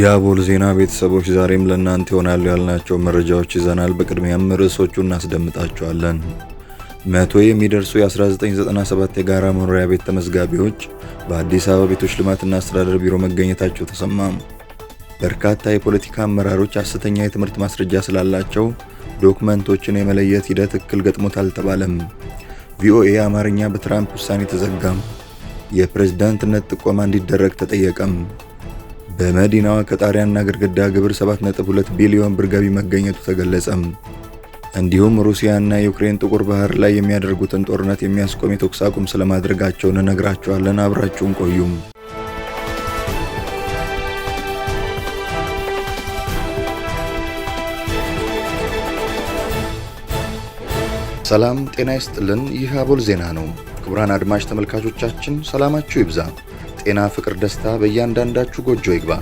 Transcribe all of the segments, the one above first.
የአቦል ዜና ቤተሰቦች ዛሬም ለእናንተ ይሆናሉ ያልናቸው መረጃዎች ይዘናል። በቅድሚያም ርዕሶቹ እናስደምጣቸዋለን። መቶ የሚደርሱ የ1997 የጋራ መኖሪያ ቤት ተመዝጋቢዎች በአዲስ አበባ ቤቶች ልማትና አስተዳደር ቢሮ መገኘታቸው ተሰማ። በርካታ የፖለቲካ አመራሮች ሐሰተኛ የትምህርት ማስረጃ ስላላቸው ዶክመንቶችን የመለየት ሂደት እክል ገጥሞት አልተባለም። ቪኦኤ አማርኛ በትራምፕ ውሳኔ ተዘጋም። የፕሬዝዳንትነት ጥቆማ እንዲደረግ ተጠየቀም። በመዲናዋ ከጣሪያና ግድግዳ ግብር 7.2 ቢሊዮን ብር ገቢ መገኘቱ ተገለጸም። እንዲሁም ሩሲያና ዩክሬን ጥቁር ባህር ላይ የሚያደርጉትን ጦርነት የሚያስቆም የተኩስ አቁም ስለማድረጋቸው እነግራችኋለን። አብራችሁን ቆዩም። ሰላም ጤና ይስጥልን። ይህ አቦል ዜና ነው። ክቡራን አድማጭ ተመልካቾቻችን ሰላማችሁ ይብዛ። ጤና፣ ፍቅር፣ ደስታ በእያንዳንዳችሁ ጎጆ ይግባ።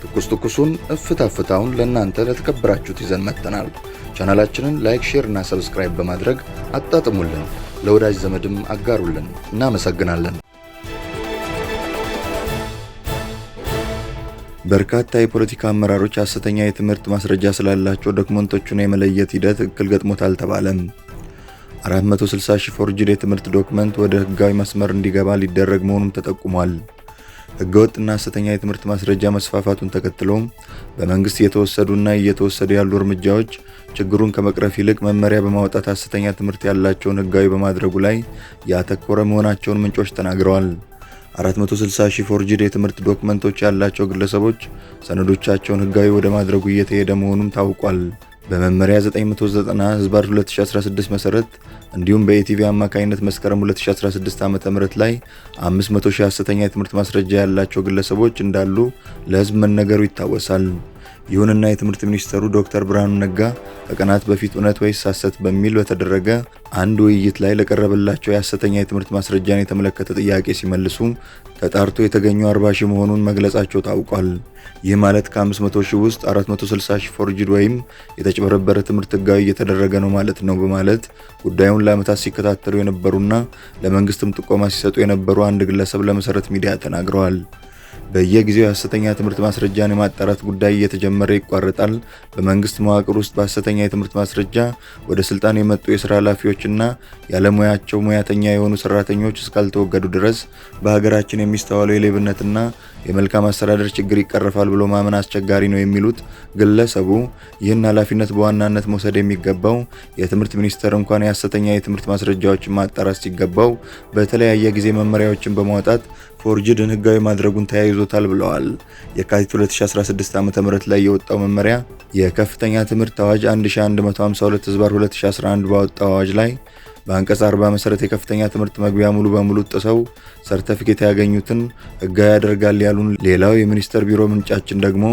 ትኩስ ትኩሱን እፍታ ፍታውን ለእናንተ ለተከበራችሁት ይዘን መጥተናል። ቻናላችንን ላይክ፣ ሼር እና ሰብስክራይብ በማድረግ አጣጥሙልን፣ ለወዳጅ ዘመድም አጋሩልን። እናመሰግናለን። በርካታ የፖለቲካ አመራሮች ሐሰተኛ የትምህርት ማስረጃ ስላላቸው ዶክመንቶቹን የመለየት ሂደት እክል ገጥሞት አልተባለም። 460 ሺህ ፎርጅድ የትምህርት ዶክመንት ወደ ህጋዊ መስመር እንዲገባ ሊደረግ መሆኑም ተጠቁሟል። ህገወጥና ሐሰተኛ የትምህርት ማስረጃ መስፋፋቱን ተከትሎም በመንግስት እየተወሰዱና እየተወሰዱ ያሉ እርምጃዎች ችግሩን ከመቅረፍ ይልቅ መመሪያ በማውጣት ሐሰተኛ ትምህርት ያላቸውን ህጋዊ በማድረጉ ላይ ያተኮረ መሆናቸውን ምንጮች ተናግረዋል። 460 ሺህ ፎርጅድ የትምህርት ዶክመንቶች ያላቸው ግለሰቦች ሰነዶቻቸውን ህጋዊ ወደ ማድረጉ እየተሄደ መሆኑም ታውቋል። በመመሪያ 990 ህዝባር 2016 መሰረት እንዲሁም በኢቲቪ አማካኝነት መስከረም 2016 ዓ ም ላይ 500 ሺህ ሐሰተኛ የትምህርት ማስረጃ ያላቸው ግለሰቦች እንዳሉ ለህዝብ መነገሩ ይታወሳል። ይሁንና የትምህርት ሚኒስተሩ ዶክተር ብርሃኑ ነጋ ከቀናት በፊት እውነት ወይስ ሐሰት በሚል በተደረገ አንድ ውይይት ላይ ለቀረበላቸው የሐሰተኛ የትምህርት ማስረጃን የተመለከተ ጥያቄ ሲመልሱ ተጣርቶ የተገኙ 40 ሺህ መሆኑን መግለጻቸው ታውቋል። ይህ ማለት ከ500 ሺህ ውስጥ 460 ሺህ ፎርጅድ ወይም የተጭበረበረ ትምህርት ህጋዊ እየተደረገ ነው ማለት ነው በማለት ጉዳዩን ለዓመታት ሲከታተሉ የነበሩና ለመንግስትም ጥቆማ ሲሰጡ የነበሩ አንድ ግለሰብ ለመሰረት ሚዲያ ተናግረዋል። በየጊዜው የሐሰተኛ ትምህርት ማስረጃን የማጣራት ጉዳይ እየተጀመረ ይቋረጣል። በመንግስት መዋቅር ውስጥ በሐሰተኛ የትምህርት ማስረጃ ወደ ስልጣን የመጡ የስራ ኃላፊዎችና ያለሙያቸው ሙያተኛ የሆኑ ሰራተኞች እስካልተወገዱ ድረስ በሀገራችን የሚስተዋለው የሌብነትና የመልካም አስተዳደር ችግር ይቀረፋል ብሎ ማመን አስቸጋሪ ነው የሚሉት ግለሰቡ ይህን ኃላፊነት በዋናነት መውሰድ የሚገባው የትምህርት ሚኒስቴር እንኳን የሐሰተኛ የትምህርት ማስረጃዎችን ማጣራት ሲገባው በተለያየ ጊዜ መመሪያዎችን በማውጣት ፎርጅድን ህጋዊ ማድረጉን ተያይዞታል ብለዋል። የካቲት 2016 ዓ.ም ላይ የወጣው መመሪያ የከፍተኛ ትምህርት አዋጅ 1152 ህዝባር 2011 ባወጣው አዋጅ ላይ በአንቀጽ 40 መሰረት የከፍተኛ ትምህርት መግቢያ ሙሉ በሙሉ ጥሰው ሰርተፊኬት ያገኙትን ህጋዊ ያደርጋል ያሉን። ሌላው የሚኒስቴር ቢሮ ምንጫችን ደግሞ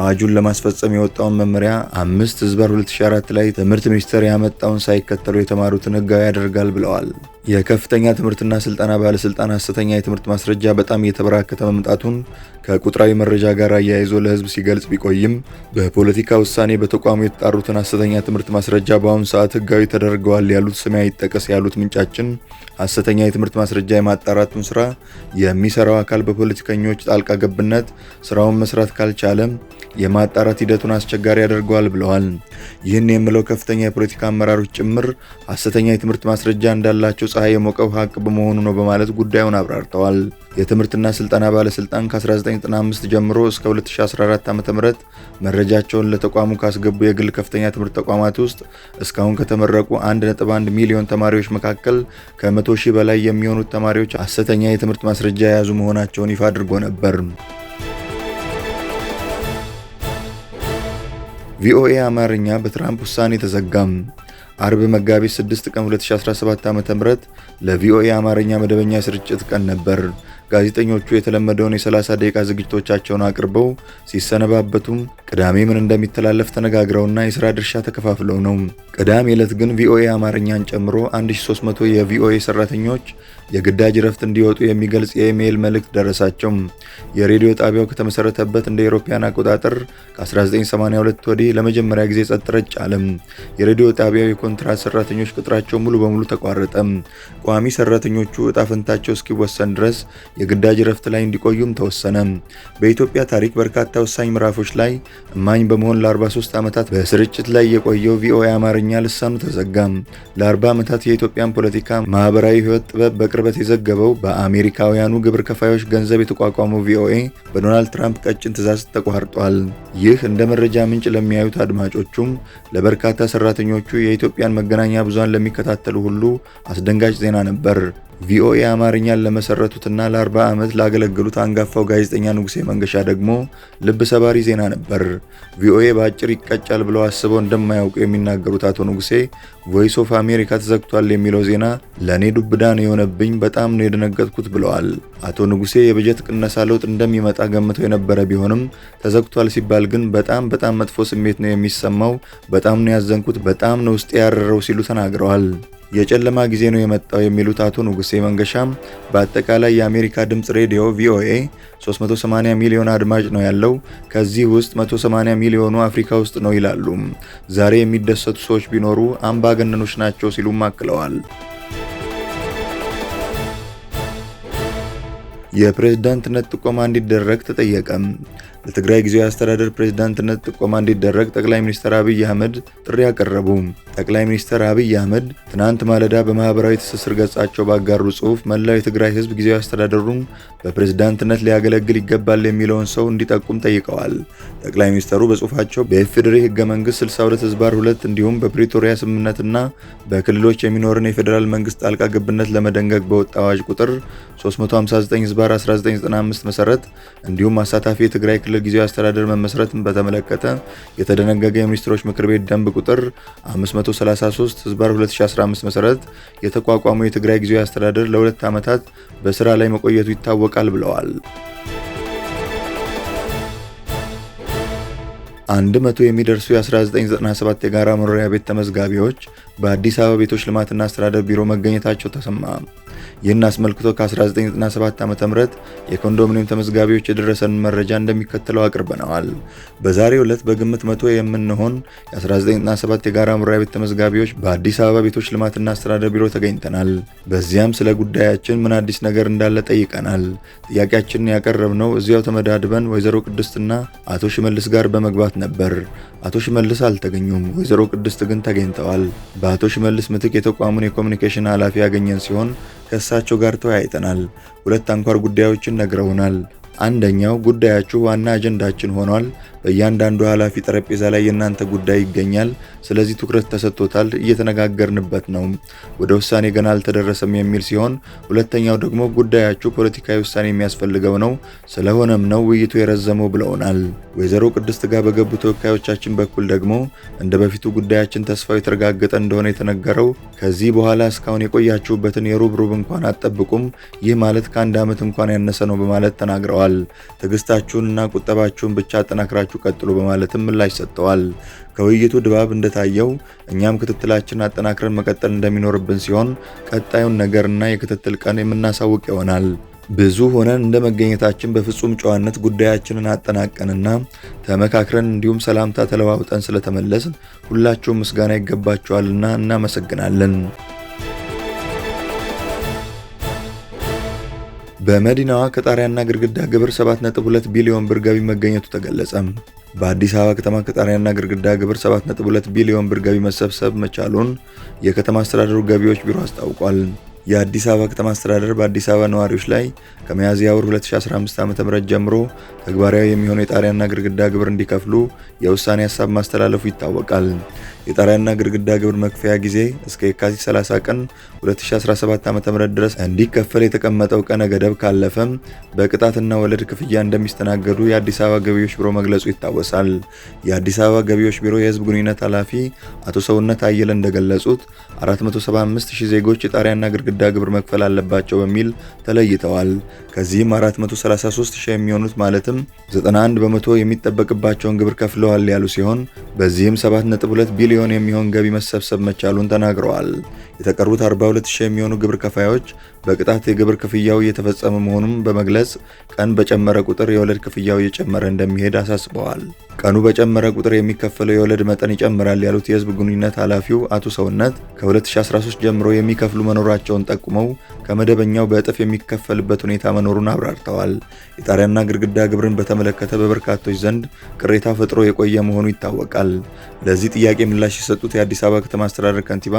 አዋጁን ለማስፈጸም የወጣውን መመሪያ አምስት ህዝበር 2004 ላይ ትምህርት ሚኒስቴር ያመጣውን ሳይከተሉ የተማሩትን ህጋዊ ያደርጋል ብለዋል። የከፍተኛ ትምህርትና ስልጠና ባለስልጣን ሐሰተኛ የትምህርት ማስረጃ በጣም እየተበራከተ መምጣቱን ከቁጥራዊ መረጃ ጋር አያይዞ ለሕዝብ ሲገልጽ ቢቆይም በፖለቲካ ውሳኔ በተቋሙ የተጣሩትን ሐሰተኛ ትምህርት ማስረጃ በአሁኑ ሰዓት ሕጋዊ ተደርገዋል ያሉት ስሜ አይጠቀስ ያሉት ምንጫችን ሐሰተኛ የትምህርት ማስረጃ የማጣራቱን ስራ የሚሰራው አካል በፖለቲከኞች ጣልቃ ገብነት ስራውን መስራት ካልቻለም የማጣራት ሂደቱን አስቸጋሪ ያደርገዋል ብለዋል። ይህን የምለው ከፍተኛ የፖለቲካ አመራሮች ጭምር ሐሰተኛ የትምህርት ማስረጃ እንዳላቸው ፀሐይ የሞቀው ሀቅ በመሆኑ ነው በማለት ጉዳዩን አብራርተዋል። የትምህርትና ስልጠና ባለስልጣን ከ1995 ጀምሮ እስከ 2014 ዓ ም መረጃቸውን ለተቋሙ ካስገቡ የግል ከፍተኛ ትምህርት ተቋማት ውስጥ እስካሁን ከተመረቁ 1.1 ሚሊዮን ተማሪዎች መካከል ከ100 ሺህ በላይ የሚሆኑት ተማሪዎች ሐሰተኛ የትምህርት ማስረጃ የያዙ መሆናቸውን ይፋ አድርጎ ነበር። ቪኦኤ አማርኛ በትራምፕ ውሳኔ ተዘጋም። አርብ መጋቢት 6 ቀን 2017 ዓ.ም ለቪኦኤ አማርኛ መደበኛ ስርጭት ቀን ነበር። ጋዜጠኞቹ የተለመደውን የ30 ደቂቃ ዝግጅቶቻቸውን አቅርበው ሲሰነባበቱም ቅዳሜ ምን እንደሚተላለፍ ተነጋግረውና የሥራ ድርሻ ተከፋፍለው ነው። ቅዳሜ ዕለት ግን ቪኦኤ አማርኛን ጨምሮ 1300 የቪኦኤ ሠራተኞች የግዳጅ ረፍት እንዲወጡ የሚገልጽ የኢሜይል መልእክት ደረሳቸው። የሬዲዮ ጣቢያው ከተመሰረተበት እንደ አውሮፓውያን አቆጣጠር ከ1982 ወዲህ ለመጀመሪያ ጊዜ ጸጥ ረጭ አለም። የሬዲዮ ጣቢያው የኮንትራት ሰራተኞች ቅጥራቸው ሙሉ በሙሉ ተቋረጠ። ቋሚ ሰራተኞቹ እጣ ፈንታቸው እስኪወሰን ድረስ የግዳጅ ረፍት ላይ እንዲቆዩም ተወሰነ። በኢትዮጵያ ታሪክ በርካታ ወሳኝ ምዕራፎች ላይ እማኝ በመሆን ለ43 ዓመታት በስርጭት ላይ የቆየው ቪኦኤ አማርኛ ልሳኑ ተዘጋም። ለ40 ዓመታት የኢትዮጵያን ፖለቲካ፣ ማህበራዊ ህይወት ጥበብ በቅ በቅርበት የዘገበው በአሜሪካውያኑ ግብር ከፋዮች ገንዘብ የተቋቋመው ቪኦኤ በዶናልድ ትራምፕ ቀጭን ትዕዛዝ ተቋርጧል። ይህ እንደ መረጃ ምንጭ ለሚያዩት አድማጮቹም ለበርካታ ሰራተኞቹ የኢትዮጵያን መገናኛ ብዙሃን ለሚከታተሉ ሁሉ አስደንጋጭ ዜና ነበር። ቪኦኤ አማርኛን ለመሰረቱትና ለ40 ዓመት ላገለገሉት አንጋፋው ጋዜጠኛ ንጉሴ መንገሻ ደግሞ ልብ ሰባሪ ዜና ነበር። ቪኦኤ በአጭር ይቀጫል ብለው አስበው እንደማያውቁ የሚናገሩት አቶ ንጉሴ ቮይስ ኦፍ አሜሪካ ተዘግቷል የሚለው ዜና ለእኔ ዱብዳን የሆነብኝ፣ በጣም ነው የደነገጥኩት ብለዋል። አቶ ንጉሴ የበጀት ቅነሳ ለውጥ እንደሚመጣ ገምተው የነበረ ቢሆንም ተዘግቷል ሲባል ግን በጣም በጣም መጥፎ ስሜት ነው የሚሰማው፣ በጣም ነው ያዘንኩት፣ በጣም ነው ውስጥ ያረረው ሲሉ ተናግረዋል። የጨለማ ጊዜ ነው የመጣው የሚሉት አቶ ንጉሴ መንገሻም በአጠቃላይ የአሜሪካ ድምፅ ሬዲዮ ቪኦኤ 380 ሚሊዮን አድማጭ ነው ያለው፣ ከዚህ ውስጥ 180 ሚሊዮኑ አፍሪካ ውስጥ ነው ይላሉ። ዛሬ የሚደሰቱ ሰዎች ቢኖሩ አምባገነኖች ናቸው ሲሉም አክለዋል። የፕሬዝዳንትነት ጥቆማ እንዲደረግ ተጠየቀም። ለትግራይ ጊዜያዊ አስተዳደር ፕሬዝዳንትነት ጥቆማ እንዲደረግ ጠቅላይ ሚኒስትር አብይ አህመድ ጥሪ ያቀረቡ። ጠቅላይ ሚኒስትር አብይ አህመድ ትናንት ማለዳ በማህበራዊ ትስስር ገጻቸው ባጋሩ ጽሁፍ መላው የትግራይ ህዝብ ጊዜያዊ አስተዳደሩን በፕሬዝዳንትነት ሊያገለግል ይገባል የሚለውን ሰው እንዲጠቁም ጠይቀዋል። ጠቅላይ ሚኒስትሩ በጽሁፋቸው በኢፌዴሪ ህገ መንግስት 62 ህዝባር 2 እንዲሁም በፕሪቶሪያ ስምምነትና በክልሎች የሚኖርን የፌዴራል መንግስት ጣልቃ ገብነት ለመደንገግ በወጣ አዋጅ ቁጥር 359 ህዝባር 1995 መሰረት እንዲሁም አሳታፊ የትግራይ ክልል ጊዜያዊ አስተዳደር መመስረትን በተመለከተ የተደነገገ የሚኒስትሮች ምክር ቤት ደንብ ቁጥር 533 ህዝባር 2015 መሰረት የተቋቋመው የትግራይ ጊዜያዊ አስተዳደር ለሁለት ዓመታት በስራ ላይ መቆየቱ ይታወቃል ብለዋል። አንድ መቶ የሚደርሱ የ1997 የጋራ መኖሪያ ቤት ተመዝጋቢዎች በአዲስ አበባ ቤቶች ልማትና አስተዳደር ቢሮ መገኘታቸው ተሰማ። ይህን አስመልክቶ ከ1997 ዓ ም የኮንዶሚኒየም ተመዝጋቢዎች የደረሰን መረጃ እንደሚከተለው አቅርበነዋል። በዛሬው ዕለት በግምት መቶ የምንሆን የ1997 የጋራ መኖሪያ ቤት ተመዝጋቢዎች በአዲስ አበባ ቤቶች ልማትና አስተዳደር ቢሮ ተገኝተናል። በዚያም ስለ ጉዳያችን ምን አዲስ ነገር እንዳለ ጠይቀናል። ጥያቄያችንን ያቀረብነው እዚያው ተመዳድበን ወይዘሮ ቅድስትና አቶ ሽመልስ ጋር በመግባት ነበር። አቶ ሽመልስ አልተገኙም፣ ወይዘሮ ቅድስት ግን ተገኝተዋል። በአቶ ሽመልስ ምትክ የተቋሙን የኮሚኒኬሽን ኃላፊ ያገኘን ሲሆን ከእሳቸው ጋር ተወያይተናል። ሁለት አንኳር ጉዳዮችን ነግረውናል። አንደኛው ጉዳያችሁ ዋና አጀንዳችን ሆኗል፣ በእያንዳንዱ ኃላፊ ጠረጴዛ ላይ የእናንተ ጉዳይ ይገኛል። ስለዚህ ትኩረት ተሰጥቶታል፣ እየተነጋገርንበት ነው፣ ወደ ውሳኔ ገና አልተደረሰም የሚል ሲሆን፣ ሁለተኛው ደግሞ ጉዳያችሁ ፖለቲካዊ ውሳኔ የሚያስፈልገው ነው፣ ስለሆነም ነው ውይይቱ የረዘመው ብለውናል። ወይዘሮ ቅድስት ጋር በገቡ ተወካዮቻችን በኩል ደግሞ እንደ በፊቱ ጉዳያችን ተስፋው የተረጋገጠ እንደሆነ የተነገረው ከዚህ በኋላ እስካሁን የቆያችሁበትን የሩብሩብ እንኳን አጠብቁም፣ ይህ ማለት ከአንድ ዓመት እንኳን ያነሰ ነው በማለት ተናግረዋል። ትዕግስታችሁንና ቁጠባችሁን ብቻ አጠናክራችሁ ውይይቱ ቀጥሎ በማለትም ምላሽ ሰጥተዋል። ከውይይቱ ድባብ እንደታየው እኛም ክትትላችንን አጠናክረን መቀጠል እንደሚኖርብን ሲሆን ቀጣዩን ነገርና የክትትል ቀን የምናሳውቅ ይሆናል። ብዙ ሆነን እንደ መገኘታችን በፍጹም ጨዋነት ጉዳያችንን አጠናቀንና ተመካክረን እንዲሁም ሰላምታ ተለዋውጠን ስለተመለስን ሁላችሁም ምስጋና ይገባችኋልና እናመሰግናለን። በመዲናዋ ከጣሪያና ግድግዳ ግብር 7.2 ቢሊዮን ብር ገቢ መገኘቱ ተገለጸ። በአዲስ አበባ ከተማ ከጣሪያና ግድግዳ ግብር 7.2 ቢሊዮን ብር ገቢ መሰብሰብ መቻሉን የከተማ አስተዳደሩ ገቢዎች ቢሮ አስታውቋል። የአዲስ አበባ ከተማ አስተዳደር በአዲስ አበባ ነዋሪዎች ላይ ከሚያዝያ ወር 2015 ዓ.ም ጀምሮ ተግባራዊ የሚሆነው የጣሪያና ግድግዳ ግብር እንዲከፍሉ የውሳኔ ሀሳብ ማስተላለፉ ይታወቃል። የጣሪያና ግድግዳ ግብር መክፈያ ጊዜ እስከ የካቲት 30 ቀን 2017 ዓ.ም ድረስ እንዲከፈል የተቀመጠው ቀነ ገደብ ካለፈም በቅጣትና ወለድ ክፍያ እንደሚስተናገዱ የአዲስ አበባ ገቢዎች ቢሮ መግለጹ ይታወሳል። የአዲስ አበባ ገቢዎች ቢሮ የህዝብ ግንኙነት ኃላፊ አቶ ሰውነት አየለ እንደገለጹት 475000 ዜጎች የጣሪያና ግድግዳ ግብር መክፈል አለባቸው በሚል ተለይተዋል። ከዚህም 433 ሺህ የሚሆኑት ማለትም 91 በመቶ የሚጠበቅባቸውን ግብር ከፍለዋል ያሉ ሲሆን በዚህም 7.2 ቢሊዮን የሚሆን ገቢ መሰብሰብ መቻሉን ተናግረዋል። የተቀሩት 42 ሺህ የሚሆኑ ግብር ከፋዮች በቅጣት የግብር ክፍያው እየተፈጸመ መሆኑን በመግለጽ ቀን በጨመረ ቁጥር የወለድ ክፍያው እየጨመረ እንደሚሄድ አሳስበዋል። ቀኑ በጨመረ ቁጥር የሚከፈለው የወለድ መጠን ይጨምራል ያሉት የህዝብ ግንኙነት ኃላፊው አቶ ሰውነት ከ2013 ጀምሮ የሚከፍሉ መኖራቸውን ጠቁመው ከመደበኛው በእጥፍ የሚከፈልበት ሁኔታ መኖ መኖሩን አብራርተዋል። የጣሪያና ግድግዳ ግብርን በተመለከተ በበርካቶች ዘንድ ቅሬታ ፈጥሮ የቆየ መሆኑ ይታወቃል። ለዚህ ጥያቄ ምላሽ የሰጡት የአዲስ አበባ ከተማ አስተዳደር ከንቲባ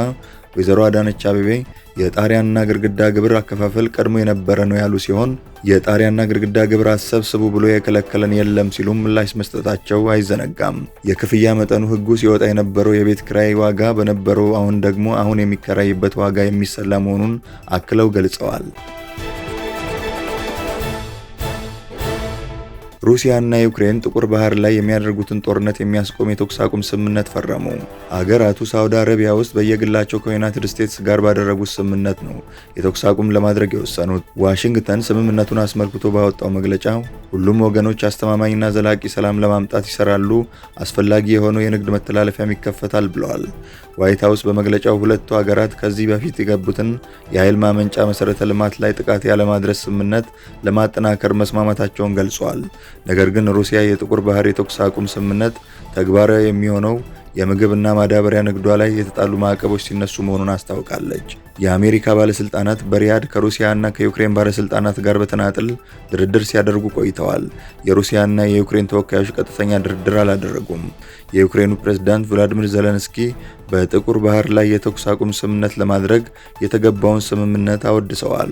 ወይዘሮ አዳነች አቤቤ የጣሪያና ግድግዳ ግብር አከፋፈል ቀድሞ የነበረ ነው ያሉ ሲሆን የጣሪያና ግድግዳ ግብር አሰብስቡ ብሎ የከለከለን የለም ሲሉም ምላሽ መስጠታቸው አይዘነጋም። የክፍያ መጠኑ ሕጉ ሲወጣ የነበረው የቤት ክራይ ዋጋ በነበረው አሁን ደግሞ አሁን የሚከራይበት ዋጋ የሚሰላ መሆኑን አክለው ገልጸዋል። ሩሲያና ዩክሬን ጥቁር ባህር ላይ የሚያደርጉትን ጦርነት የሚያስቆም የተኩስ አቁም ስምምነት ፈረሙ። አገራቱ ሳውዲ አረቢያ ውስጥ በየግላቸው ከዩናይትድ ስቴትስ ጋር ባደረጉት ስምምነት ነው የተኩስ አቁም ለማድረግ የወሰኑት። ዋሽንግተን ስምምነቱን አስመልክቶ ባወጣው መግለጫ ሁሉም ወገኖች አስተማማኝና ዘላቂ ሰላም ለማምጣት ይሰራሉ፣ አስፈላጊ የሆነው የንግድ መተላለፊያም ይከፈታል ብለዋል። ዋይት ሀውስ በመግለጫው ሁለቱ ሀገራት ከዚህ በፊት የገቡትን የኃይል ማመንጫ መሠረተ ልማት ላይ ጥቃት ያለማድረስ ስምምነት ለማጠናከር መስማማታቸውን ገልጿል። ነገር ግን ሩሲያ የጥቁር ባህር የተኩስ አቁም ስምምነት ተግባራዊ የሚሆነው የምግብና ማዳበሪያ ንግዷ ላይ የተጣሉ ማዕቀቦች ሲነሱ መሆኑን አስታውቃለች። የአሜሪካ ባለስልጣናት በሪያድ ከሩሲያና ከዩክሬን ባለስልጣናት ጋር በተናጥል ድርድር ሲያደርጉ ቆይተዋል። የሩሲያና የዩክሬን ተወካዮች ቀጥተኛ ድርድር አላደረጉም። የዩክሬኑ ፕሬዝዳንት ቮሎዲሚር ዘለንስኪ በጥቁር ባህር ላይ የተኩስ አቁም ስምምነት ለማድረግ የተገባውን ስምምነት አወድሰዋል።